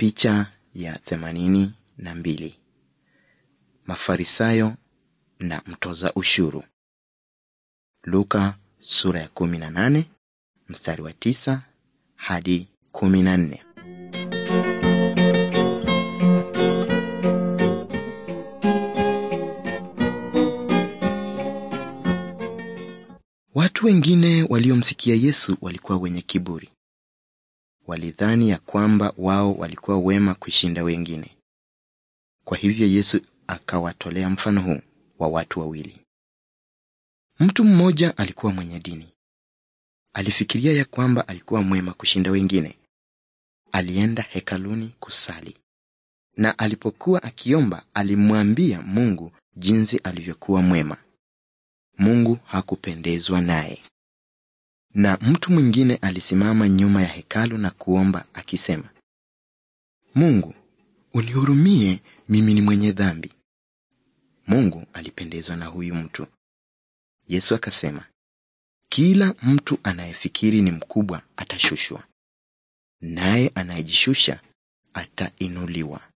Picha ya themanini na mbili. Mafarisayo na mtoza ushuru. Luka sura ya kumi na nane mstari wa tisa hadi kumi na nne. Watu wengine waliomsikia Yesu walikuwa wenye kiburi. Walidhani ya kwamba wao walikuwa wema kushinda wengine. Kwa hivyo Yesu akawatolea mfano huu wa watu wawili. Mtu mmoja alikuwa mwenye dini. Alifikiria ya kwamba alikuwa mwema kushinda wengine. Alienda hekaluni kusali. Na alipokuwa akiomba, alimwambia Mungu jinsi alivyokuwa mwema. Mungu hakupendezwa naye. Na mtu mwingine alisimama nyuma ya hekalu na kuomba akisema, Mungu, unihurumie mimi ni mwenye dhambi. Mungu alipendezwa na huyu mtu. Yesu akasema, kila mtu anayefikiri ni mkubwa atashushwa, naye anayejishusha atainuliwa.